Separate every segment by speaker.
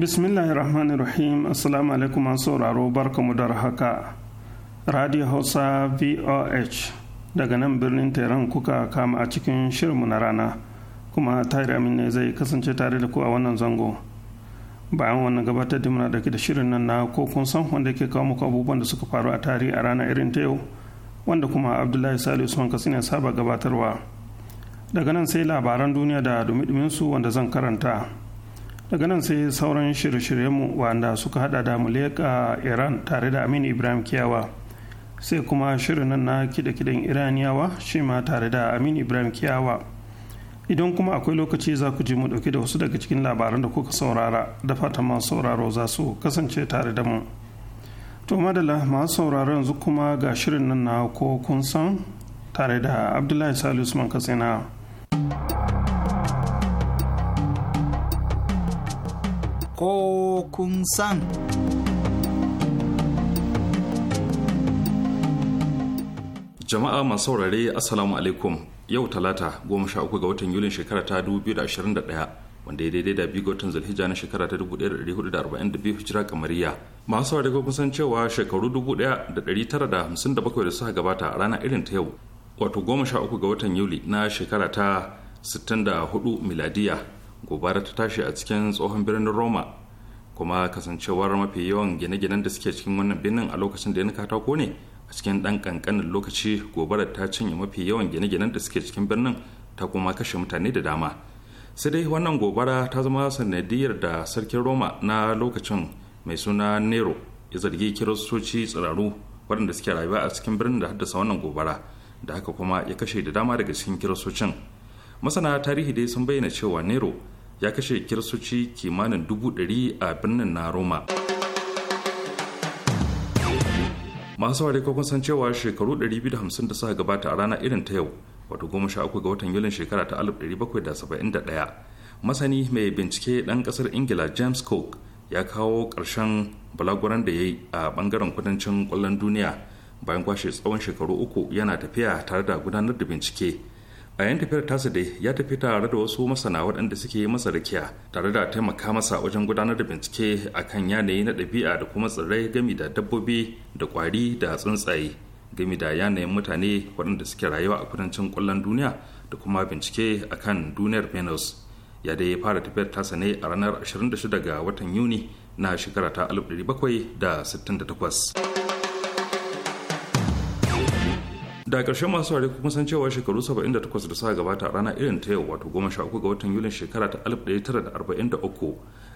Speaker 1: bismillahir rahmanir rahim assalamu alaikum sauraro barkamu da haka radio hausa voh daga nan birnin tehran kuka kama a cikin shirinmu na rana kuma tahir amin ne zai kasance tare da ku a wannan zango bayan wannan gabatar da muna da shirin nan na ko kun san wanda ke kawo muku abubuwan da suka faru a tarihi a rana irin ta yau wanda kuma abdullahi salisu usman kasu ne saba gabatarwa daga nan sai labaran duniya da dumi su wanda zan karanta daga nan sai sauran shirye-shiryenmu wanda suka hada da muleka iran tare da amin ibrahim kiyawa sai kuma shirin nan na kide-kiden iraniyawa shi ma tare da aminu ibrahim kiyawa idan kuma akwai lokaci za ku ji mu ɗauki da wasu daga cikin labaran da kuka saurara da fatan masu sauraro za su kasance tare da mu to madala masu sauraro yanzu kuma ga shirin nan na ko kun san tare da abdullahi salisu man katsina
Speaker 2: ko kun san.
Speaker 3: Jama'a masu saurare Assalamu alaikum yau talata goma sha uku ga watan Yulin shekara ta da da ashirin ɗaya wanda ya daidai da biyu ga watan zulhijja na shekara ta dubu da da da hudu arba'in biyu hijira kamariya. Masu saurare ko san cewa shekaru 1957 da suka gabata a rana irin ta yau wato goma sha uku ga watan Yuli na shekara ta 64 miladiya gobara ta tashi a cikin tsohon birnin roma kuma kasancewar mafi yawan gine-ginen da suke cikin wannan birnin a lokacin da ya katako ne a cikin dan ƙanƙanin lokaci gobara ta cinye mafi yawan gine-ginen da suke cikin birnin ta kuma kashe mutane da dama sai dai wannan gobara ta zama sanadiyar da sarkin roma na lokacin mai suna nero ya zargi kiristoci tsiraru waɗanda suke rayuwa a cikin birnin da haddasa wannan gobara da haka kuma ya kashe da dama daga cikin kiristocin masana tarihi dai sun bayyana cewa nero ya kashe kirsuci kimanin dubu ɗari a birnin na roma masu saurari ko san cewa shekaru 250 da suka gabata a rana irin ta yau wato goma sha uku ga watan yulin shekara ta 1771 masani mai bincike ɗan ƙasar ingila james cook ya kawo ƙarshen balaguran da ya yi a ɓangaren kudancin ƙwallon duniya bayan kwashe tsawon shekaru uku yana tafiya tare da gudanar da bincike a yan tafiyar tasa dai ya tafi tare da wasu masana waɗanda suke masa rikiya tare da taimaka masa wajen gudanar da bincike akan yanayi na ɗabi'a da kuma tsirrai gami da dabbobi da kwari da tsuntsaye gami da yanayin mutane waɗanda suke rayuwa a kudancin ƙwallon duniya da kuma bincike a kan duniyar venus ya dai fara tafiyar tasa ne a ranar 26 ga watan yuni na shekara ta 1768 da ƙarshe masu ware kuma san cewa shekaru 78 da suka gabata a rana irin ta yau wato 13 ga watan yulin shekara ta 1943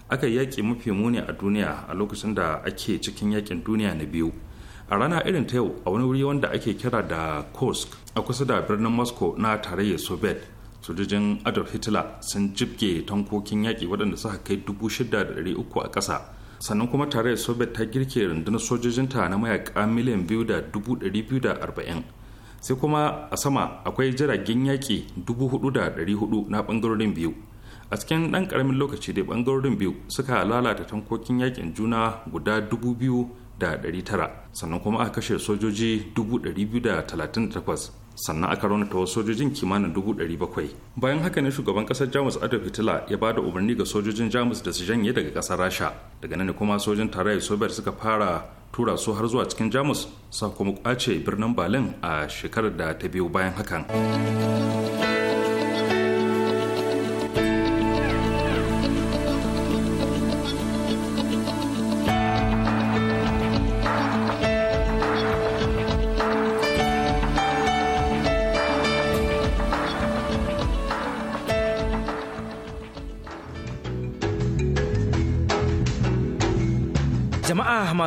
Speaker 3: aka yaƙi mafi muni a duniya a lokacin da ake cikin yaƙin duniya na biyu a rana irin ta yau a wani wuri wanda ake kira da kursk a kusa da birnin moscow na tarayyar soviet sojojin adolf hitler sun jibge tankokin yaƙi waɗanda suka kai 6,300 a ƙasa sannan kuma tarayyar soviet ta girke rundunar sojojinta na mayaƙa miliyan 2,240 sai kuma a sama akwai jiragen yaƙi 4,400 na ɓangarorin biyu a cikin ɗan ƙaramin lokaci da ɓangarorin biyu suka lalata tankokin yaƙin juna guda 2,900 sannan kuma aka kashe sojoji da 238 sannan aka raunata wasu sojojin kimanin dubu ɗari bakwai bayan haka ne shugaban ƙasar jamus adolf hitler ya ba da umarni ga sojojin jamus da su janye daga ƙasar rasha daga nan kuma sojin tarayyar soviet suka fara tura su har zuwa cikin jamus sa kuma kwace birnin berlin a shekarar da ta biyo bayan hakan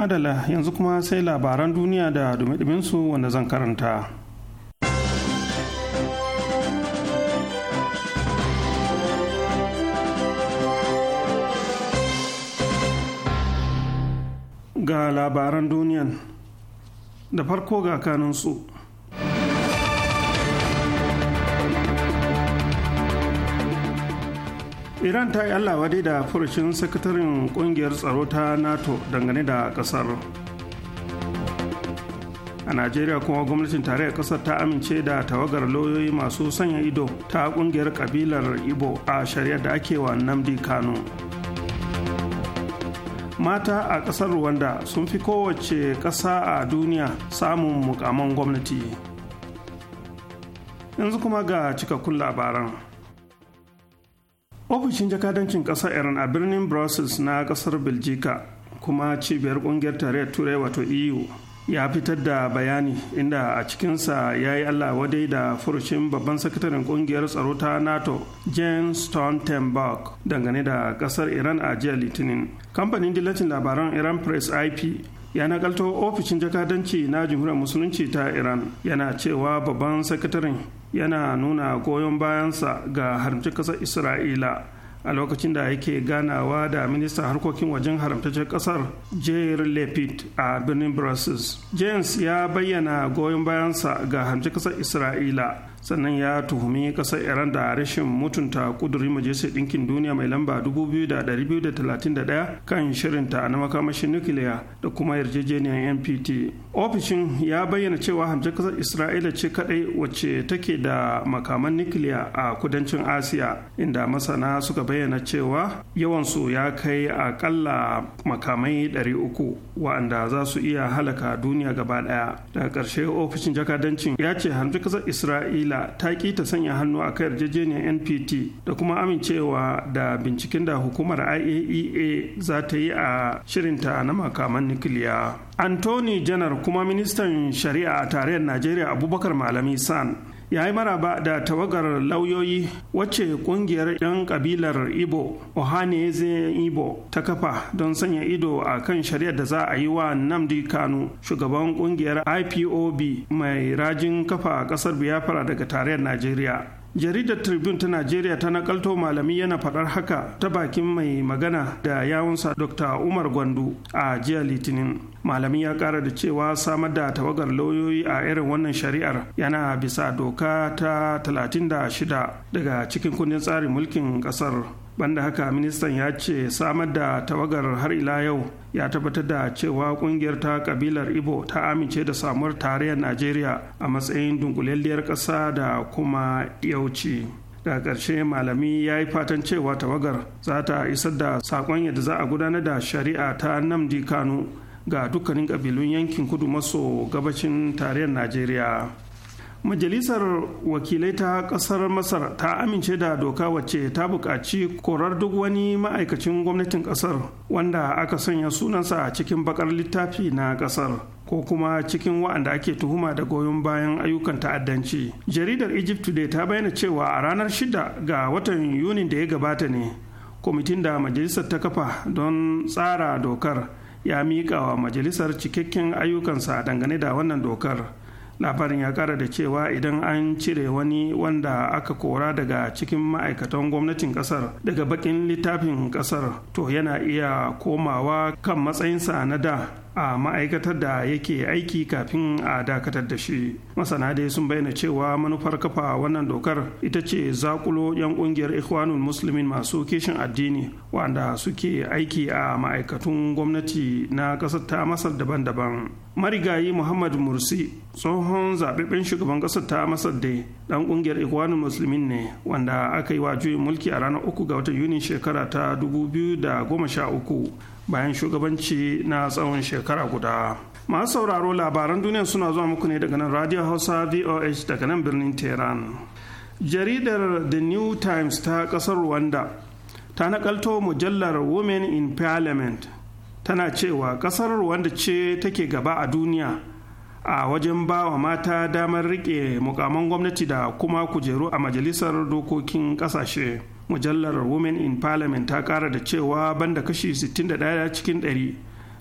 Speaker 1: Madala yanzu kuma sai labaran duniya da dumi su wanda zan karanta. Ga labaran duniyan da farko ga kanunsu. iran ta yi allah da furucin sakataren kungiyar tsaro ta nato dangane da kasar a najeriya kuma gwamnatin tarayyar kasar ta amince da tawagar lauyoyi masu sanya ido ta kungiyar kabilar ibo a shari'ar da ake wa namdi kano mata a kasar rwanda sun fi kowace kasa a duniya samun mukaman gwamnati yanzu kuma ga cikakkun labaran ofishin jakadancin ƙasar iran a birnin brussels na ƙasar belgica kuma cibiyar ƙungiyar tarayyar turai wato eu ya fitar da bayani inda a cikinsa ya yi allah wadai da furushin babban sakataren ƙungiyar tsaro ta nato james stoltenberg dangane da ƙasar iran a jiya litinin kamfanin dillacin labaran iran press ip ya nakalto ofishin jakadanci na jamhuriyar musulunci ta iran yana cewa babban sakataren yana nuna goyon bayansa ga haramcin ƙasar isra'ila a lokacin da yake ganawa da ministan harkokin wajen haramtaccen ƙasar jair lepid a birnin brussels james ya bayyana goyon bayansa ga haramcin ƙasar isra'ila sannan ya tuhumi kasar iran da rashin mutunta kudurin majalisar ɗinkin duniya mai lamba 2231 kan shirinta na makamashin nukiliya da kuma yarjejeniyar npt ofishin ya bayyana cewa hamshe kasar isra'ila ce kadai wacce take da makaman nukiliya a kudancin asiya inda masana suka bayyana cewa yawansu ya kai akalla makamai 300 wa'anda za su iya halaka duniya gaba daya daga ƙarshe ofishin jakadancin ya ce kasar isra'ila isra'ila ta ki ta sanya hannu a kan yarjejeniyar npt da kuma amincewa da binciken da hukumar iaea e za ta yi a shirinta na makaman nukiliya anthony janar kuma ministan shari'a a tarayyar najeriya abubakar malami san ya yi maraba da tawagar lauyoyi wacce kungiyar 'yan kabilar ibo ohaneze ibo ta kafa don sanya ido a kan shari'ar da za a yi wa namdi kanu shugaban kungiyar ipob mai rajin kafa a kasar biafra daga tarayyar najeriya jaridar tribune ta najeriya ta nakalto malami yana faɗar haka ta bakin mai magana da yawunsa dr umar gwandu a jiya litinin malami ya ƙara da cewa samar da tawagar lauyoyi a irin wannan shari'ar yana bisa doka ta 36 daga cikin kundin tsarin mulkin ƙasar banda haka ministan ya ce samar da tawagar har ila yau ya tabbatar da cewa kungiyar ta kabilar ibo ta amince da samuwar tarayyar najeriya a matsayin dunkulalliyar ƙasa da kuma yauci daga karshe malami ya yi fatan cewa tawagar za ta isar da sakon yadda za a gudanar da shari'a ta namdi kanu ga dukkanin kabilun yankin kudu maso gabashin tarayyar najeriya majalisar wakilai ta kasar masar ta amince da doka wacce ta buƙaci korar duk wani ma'aikacin gwamnatin kasar wanda aka sanya sunansa a cikin bakar littafi na kasar ko kuma cikin wa'anda ake tuhuma da goyon bayan ayyukan ta'addanci jaridar egypt today ta bayyana cewa a ranar 6 ga watan yunin da ya gabata ne kwamitin da majalisar ta kafa don tsara dokar ya miƙa wa majalisar cikakken ayyukansa dangane da wannan dokar labarin ya kara da cewa idan an cire wani wanda aka kora daga cikin ma'aikatan gwamnatin kasar daga bakin littafin kasar to yana iya komawa kan matsayinsa na da a ma'aikatar da yake aiki kafin a dakatar da shi masana dai sun bayyana cewa manufar kafa wannan dokar ita ce zakulo 'yan kungiyar ikhwanul muslimin masu kishin addini wanda suke aiki a ma'aikatun gwamnati na ƙasar ta masar daban-daban marigayi muhammad mursi tsohon zaɓiɓɓen shugaban ƙasar ta masar da ɗan ƙungiyar ikhwanul musulmin ne wanda aka yi wa juyin mulki a ranar uku ga watan yunin shekara ta 2013 bayan shugabanci na tsawon shekara guda masu sauraro labaran duniya suna zuwa muku ne daga nan radio hausa voh daga nan birnin tehran jaridar the new times ta kasar rwanda ta nakalto mujallar women in parliament tana cewa kasar rwanda ce take gaba a duniya a wajen ba wa mata damar riƙe mukaman gwamnati da kuma kujeru a majalisar dokokin ƙasashe. mujallar women in parliament ta kara da cewa banda kashi 61 cikin ɗari.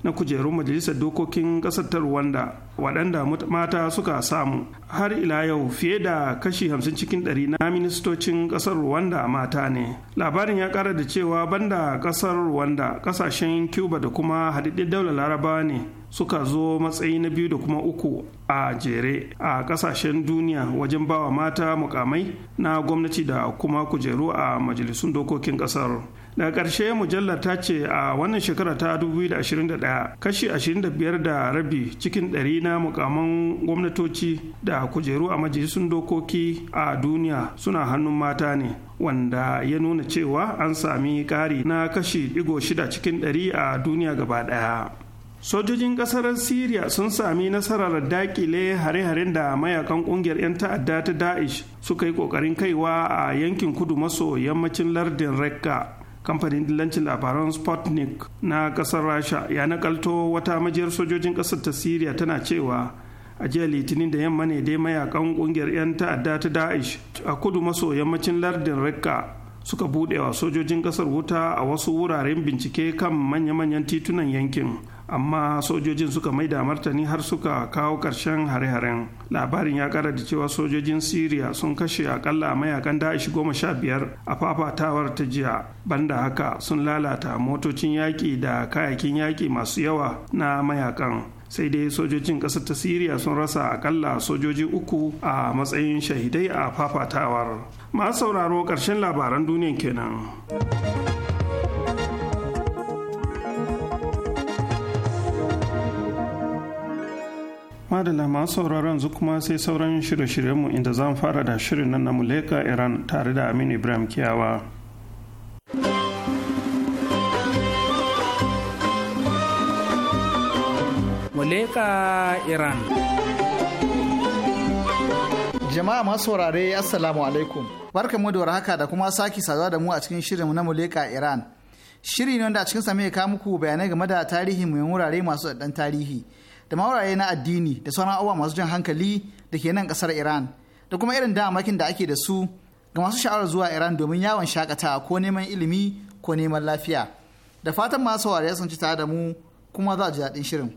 Speaker 1: na kujerun majalisar dokokin ƙasar ta Rwanda waɗanda mata suka samu har ila yau fiye da kashi 50 cikin 100 na ministocin ƙasar Rwanda mata ne. Labarin ya ƙara da cewa banda ƙasar Rwanda ƙasashen Cuba da kuma haɗaɗɗen daular Laraba ne suka zo matsayi na biyu da kuma uku a jere a ƙasashen duniya wajen bawa mata mukamai na gwamnati da kuma kujeru a majalisun dokokin ƙasar. da ƙarshe mujallar ta ce a wannan shekara ta 2021 kashi 25 da rabi cikin ɗari na mukaman gwamnatoci da kujeru a majalisun dokoki a duniya suna hannun mata ne wanda ya nuna cewa an sami ƙari na kashi digo shida cikin ɗari a duniya gaba ɗaya. sojojin kasar syria sun sami nasarar dakile hare-haren da mayakan kungiyar 'yan ta'adda ta daesh suka yi kokarin kaiwa a yankin kudu maso yammacin lardin rekka kamfanin dillancin labaran sputnik na kasar rasha ya nakalto wata majiyar sojojin kasar ta syria tana cewa a jiya litinin da yamma ne dai mayakan kungiyar 'yan ta'adda ta da'ish a kudu maso yammacin lardin rekka suka buɗewa sojojin kasar wuta a wasu wuraren bincike kan manya-manyan titunan yankin amma sojojin suka mai da martani har suka kawo ƙarshen hare-haren labarin ya ƙara da cewa sojojin Siriya sun kashe akalla mayakan da'ish goma sha biyar a fafatawar ta jiya banda haka sun lalata motocin yaƙi da kayakin yaƙi masu yawa na mayakan sai dai sojojin ƙasar ta siriya sun rasa akalla sojoji uku a matsayin shahidai a fafatawar masu sauraro ƙarshen labaran duniya kenan. madala masu sauraron zu kuma sai sauran shirye-shiryenmu inda zan fara da shirin nan na muleka iran tare da aminu ibrahim kiyawa
Speaker 2: muleka iran jama'a masu saurare assalamu alaikum barkamu da haka da kuma saki saduwa da mu a cikin shirinmu na muleka iran shiri ne wanda a cikin same ya kawo muku bayanai game da tarihi mai wurare masu ɗan tarihi da mawaraye na addini da sauran abubuwa masu jan hankali da ke nan kasar Iran da kuma irin damakin da ake da su ga masu sha'awar zuwa Iran domin yawon shakatawa ko neman ilimi ko neman lafiya. Da fatan masu saurare sun ci tare da mu kuma za a ji daɗin shirin.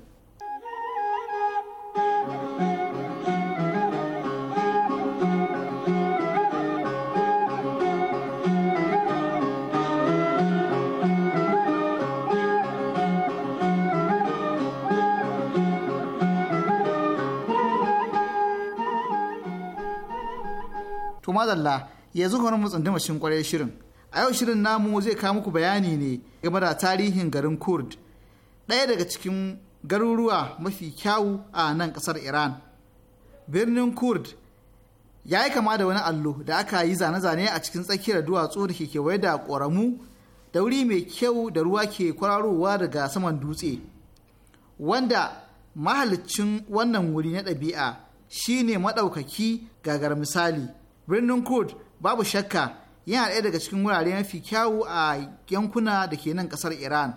Speaker 2: to Mazalla, ya kuma mu tsunduma cikin kwarai shirin a yau shirin namu zai kawo muku bayani ne game da tarihin garin kurd ɗaya daga cikin garuruwa mafi kyawu a nan ƙasar iran birnin kurd ya yi kama da wani allo da aka yi zane-zane a cikin tsakiyar duwatsu da ke kewaye da ƙoramu da wuri mai kyau da ruwa ke kwararowa daga saman dutse wanda mahalicin wannan wuri na ɗabi'a shine maɗaukaki gagar misali birnin kud babu shakka yana ɗaya daga cikin wurare mafi kyawu a yankuna da ke nan ƙasar iran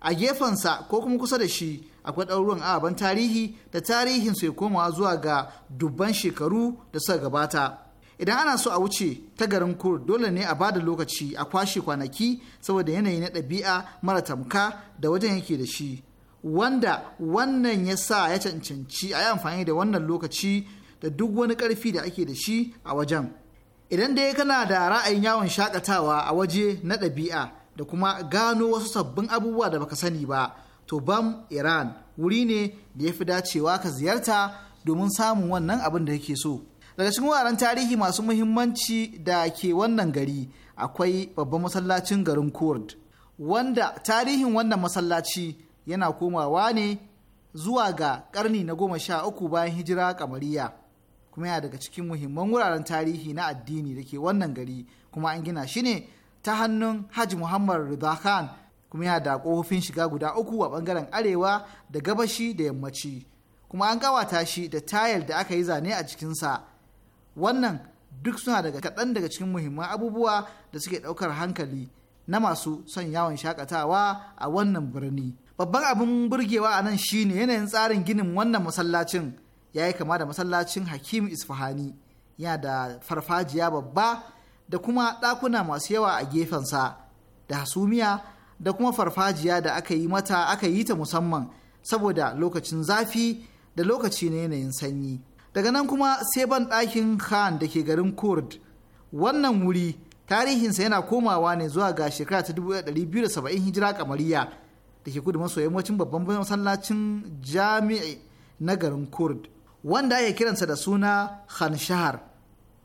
Speaker 2: a gefensa ko kuma kusa da shi akwai ɗauruwan ababen tarihi da tarihin sai komawa zuwa ga dubban shekaru da suka gabata idan ana so a wuce ta garin kur dole ne a ba da lokaci a kwashe kwanaki saboda yanayi na ɗabi'a mara tamka da wajen yake da shi wanda wannan ya sa ya cancanci a yi amfani da wannan lokaci da duk wani ƙarfi da ake da shi a wajen idan dai kana da ra'ayin yawon shakatawa a waje na ɗabi'a da kuma gano wasu sabbin abubuwa da baka sani ba to bam iran wuri ne da ya fi dacewa ka ziyarta domin samun wannan abin da kake so daga cikin wuraren tarihi masu muhimmanci da ke wannan gari akwai babban masallacin garin kurd wanda tarihin wannan masallaci yana komawa ne zuwa ga ƙarni na goma sha uku bayan hijira kamariya kuma yana daga cikin muhimman wuraren tarihi na addini da ke wannan gari kuma an gina shi ne ta hannun Haji Muhammad Rida Khan kuma yana da kofofin shiga guda uku a bangaren arewa da gabashi da yammaci kuma an ƙawata shi da tayal da aka yi zane a cikinsa wannan duk suna daga kaɗan daga cikin muhimman abubuwa da suke ɗaukar hankali na masu son yawon shakatawa a wannan birni babban abin burgewa a nan shine yanayin tsarin ginin wannan masallacin ya yi kama da masallacin hakim isfahani yana da farfajiya babba da kuma ɗakuna masu yawa a gefensa da hasumiya da kuma farfajiya da aka yi mata aka yi ta musamman saboda lokacin zafi da lokaci na yanayin sanyi daga nan kuma sai ban ɗakin khan da ke garin kurd wannan wuri tarihinsa yana komawa ne zuwa ga shekara ta 1270 hijira kamariya da ke kudu maso yammacin babban masallacin jami'i na garin kurd wanda ake kiransa da suna Khanshahar.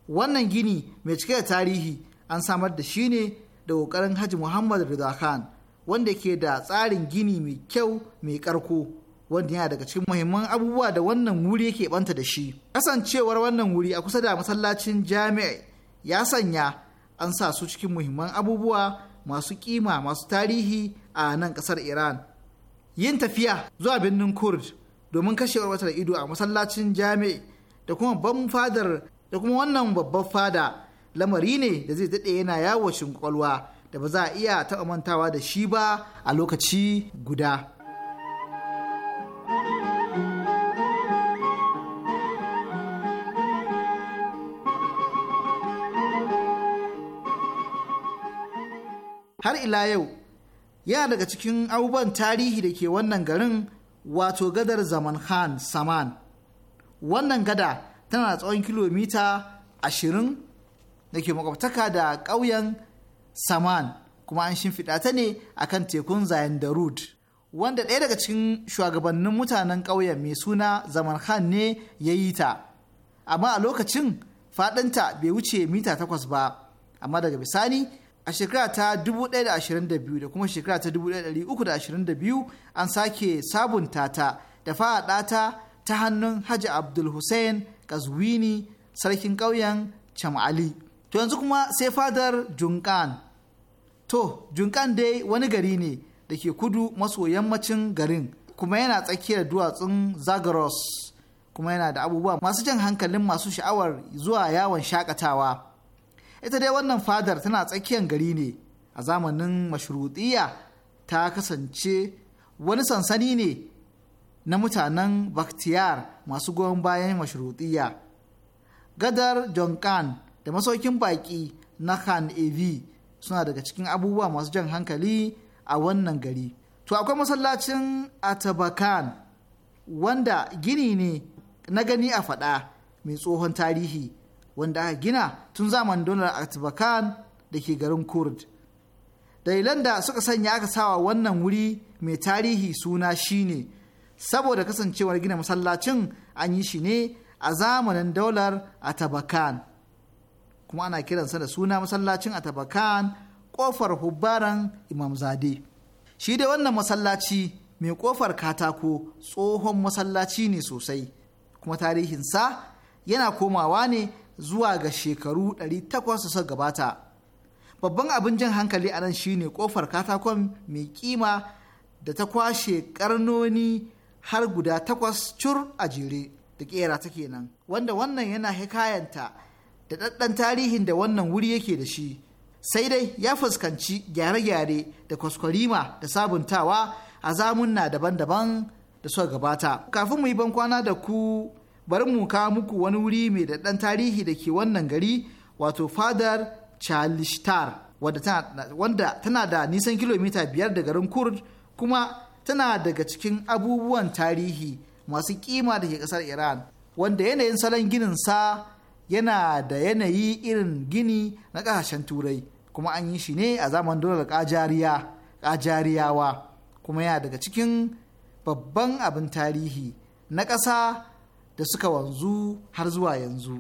Speaker 2: Wannan gini mai cike da tarihi an samar da shi ne da ƙoƙarin Haji Muhammad Rida Khan wanda ke da tsarin gini mai kyau mai karko, wanda yana daga cikin muhimman abubuwa da wannan wuri yake banta da shi. Kasancewar wannan wuri a kusa da masallacin Jami'ai ya sanya an sa su cikin muhimman abubuwa masu kima masu tarihi a nan ƙasar Iran. Yin tafiya zuwa birnin Kurd domin kashewar wata da ido a masallacin jami'i da kuma babban fadar da kuma wannan babban fada lamari ne da zai daɗe yana yawo kwakwalwa da ba za a iya taɓa mantawa da shi ba a lokaci guda. Har ila yau, yana daga cikin abubuwan tarihi da ke wannan garin wato gadar zaman khan saman wannan gada tana da tsawon kilomita 20 da ke makwabtaka da ƙauyen saman kuma an shimfiɗa ta ne a kan tekun zayan darud wanda ɗaya daga cikin shugabannin mutanen ƙauyen mai suna zaman khan ne ya yi ta amma a lokacin faɗinta bai wuce mita takwas ba amma daga bisani a shekara ta 1022 da kuma shekara ta 1322 an sake sabunta ta da faɗa ta ta hannun Hajji Abdul Hussein Kazwini sarkin ƙauyen Chamali. To yanzu kuma sai fadar Junkan. To, Junkan dai wani gari ne da ke kudu maso yammacin garin kuma yana tsakiyar duwatsun Zagros kuma yana da abubuwa masu jan hankalin masu sha'awar zuwa yawon shakatawa. ita dai wannan fadar tana tsakiyar gari ne a zamanin mashruɗiya ta kasance wani sansani ne na mutanen baktiyar masu goyon bayan mashruɗiya gadar jonkan da masaukin baƙi na khan evi suna daga cikin abubuwa masu jan hankali a wannan gari to akwai masallacin atabakan wanda gini ne na gani a fada mai tsohon tarihi wanda aka gina tun zaman donar atibakan da ke garin Kurd. Dalilan da suka sanya aka sawa wannan wuri mai tarihi suna shine saboda kasancewar gina masallacin an yi shi ne a zamanin daular Atabakan. Kuma ana kiransa da suna masallacin Atabakan kofar hubbaran Imam Zade. Shi da wannan masallaci mai kofar katako tsohon masallaci ne sosai kuma tarihinsa yana komawa ne zuwa ga shekaru 800 suka gabata babban abin jan hankali a nan shine kofar katakon mai kima da ta kwashe karnoni har guda takwas cur a jere da kera ta kenan wanda wannan yana hikayanta da ɗaɗɗan tarihin da wannan wuri yake da shi sai dai ya fuskanci gyare-gyare da kwaskwarima da sabuntawa a zamunna daban-daban da suka gabata kafin mu yi ban kwana da ku bari mu kawo muku wani wuri mai daɗan tarihi da ke wannan gari wato fadar Chalishtar wanda tana da nisan kilomita biyar da garin Kurd kuma tana daga cikin abubuwan tarihi masu kima da ke ƙasar Iran wanda yanayin salon ginin sa yana da yanayi irin gini na ƙasashen turai kuma an yi shi ne a zaman dolar kajariyawa kuma yana daga cikin babban abin tarihi na ƙasa da suka wanzu har zuwa yanzu.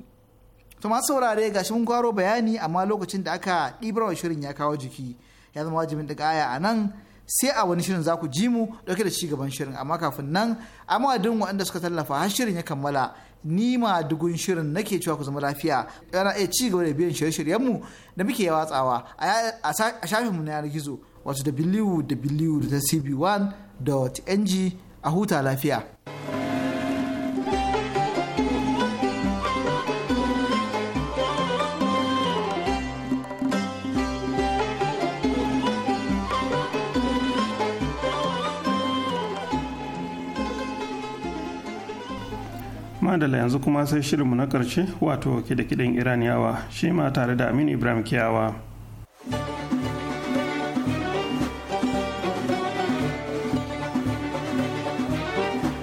Speaker 2: To masu saurare ga shi mun gwaro bayani amma lokacin da aka ɗibar shirin ya kawo jiki ya zama wajibin da aya a nan sai a wani shirin za ku ji mu ɗauke da cigaban shirin amma kafin nan amma duk waɗanda suka tallafa har shirin ya kammala ni ma dugun shirin nake cewa ku zama lafiya yana iya ci gaba da biyan shirye shiryen mu da muke watsawa a mu na yanar gizo wato www.cb1.ng a huta lafiya.
Speaker 1: adala yanzu kuma sai shirinmu na ƙarshe wato kide kiɗen iraniyawa shi ma tare da aminu ibrahim kiyawa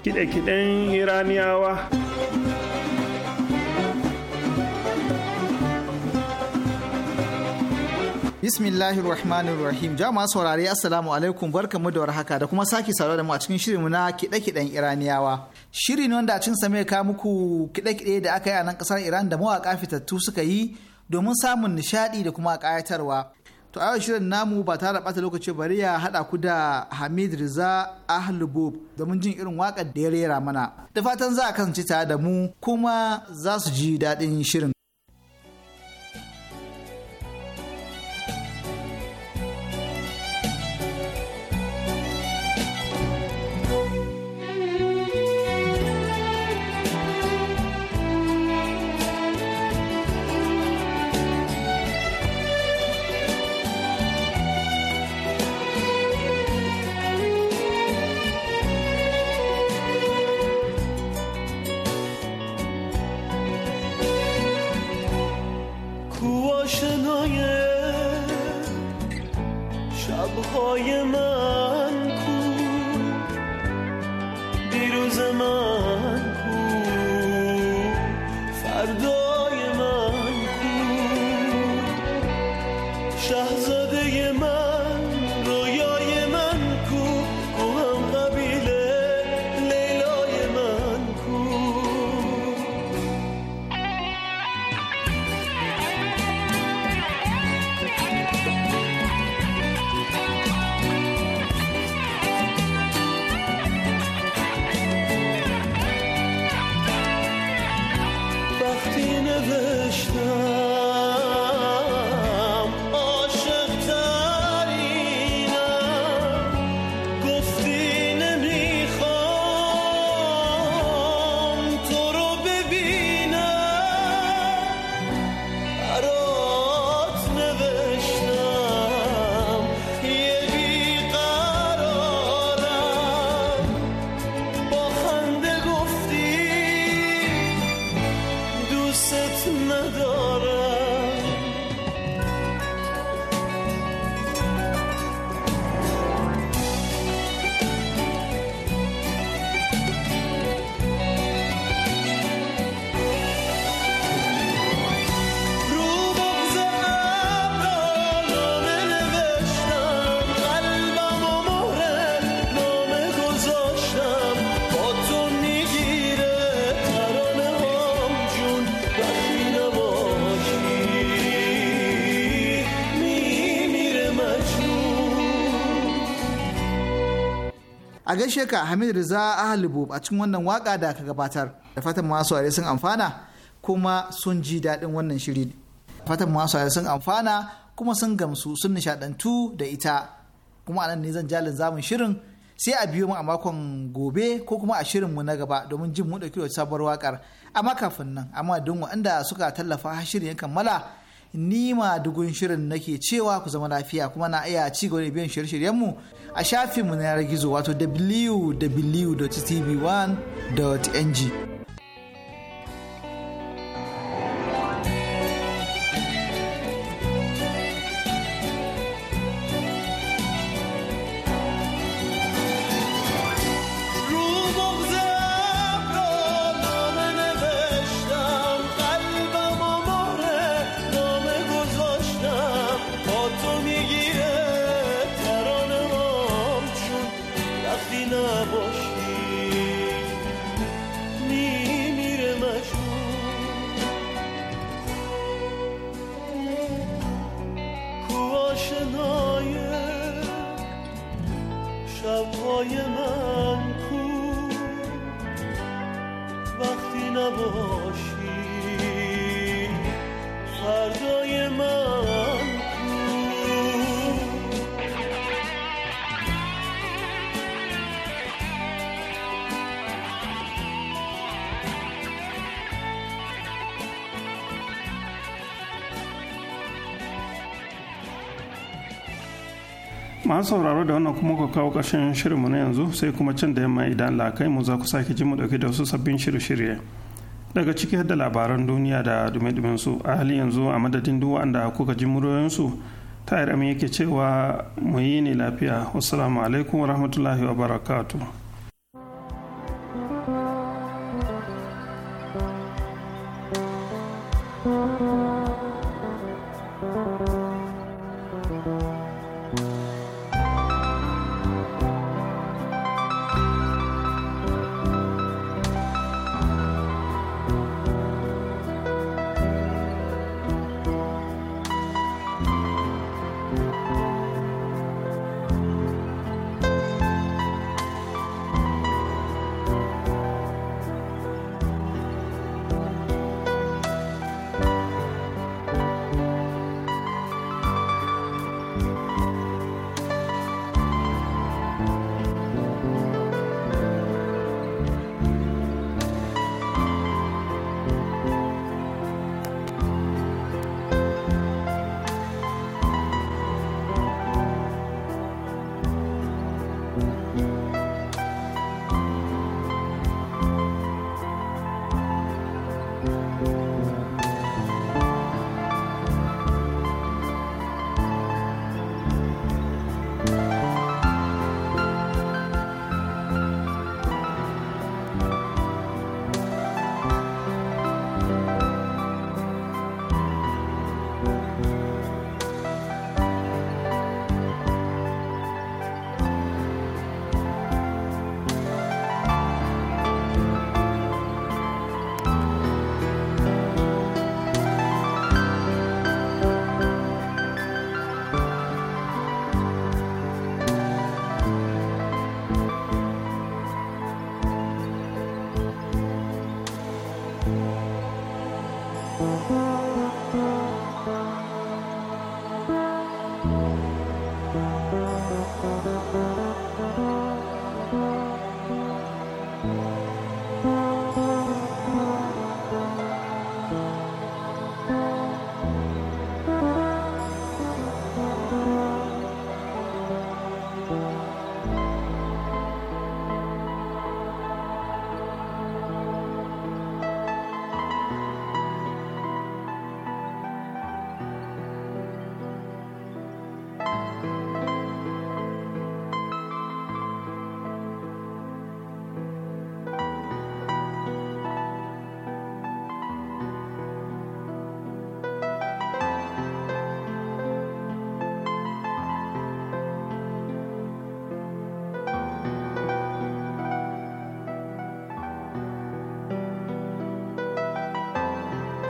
Speaker 1: Kiɗe-kiɗen iraniyawa
Speaker 2: Bismillahir Rahmanir Rahim. Jama'a saurare Assalamu alaikum barkamu da warhaka da kuma sake saurare da mu a cikin shirinmu na kiɗe-kiɗen Iraniyawa. Shiri ne wanda a cikin sa ka muku kiɗe-kiɗe da aka yi a nan kasar Iran da mawaka fitattu suka yi domin samun nishaɗi da kuma kayatarwa. To a shirin namu ba tare da bata lokaci bari ya haɗa ku da Hamid Riza Ahlubub domin jin irin waƙar da ya rera mana. Da fatan za a kasance tare da mu kuma za su ji daɗin shirin. gaishe ka Hamid Riza Ahalibu a cikin wannan waka da ka gabatar. Da fatan masu aure sun amfana kuma sun ji daɗin wannan shiri. Fatan masu aure sun amfana kuma sun gamsu sun nishaɗantu da ita. Kuma anan ne zan jalin zamun shirin sai a biyo mu a makon gobe ko kuma a shirin mu na gaba domin jin mu dauki sabuwar wakar. Amma kafin nan amma don waɗanda suka tallafa shirin ya kammala ni ma dugun shirin nake cewa ku zama lafiya kuma na iya ci gaba da biyan shirye-shiryenmu a shafinmu na yanar gizo wato www.tv1.ng
Speaker 4: من کو وقتی
Speaker 1: an sauraro da wannan kuma ku kawo ƙarshen shirinmu na yanzu sai kuma can da yamma idan lakai mu za ku sake ji mu ɗauki da wasu sabbin shirye-shirye daga ciki da labaran duniya da dume su a hali yanzu a madadin duk wanda kuka ji muryoyinsu ta yake cewa mu yi ne lafiya wassalamu alaikum wa rahmatullahi wa barakatu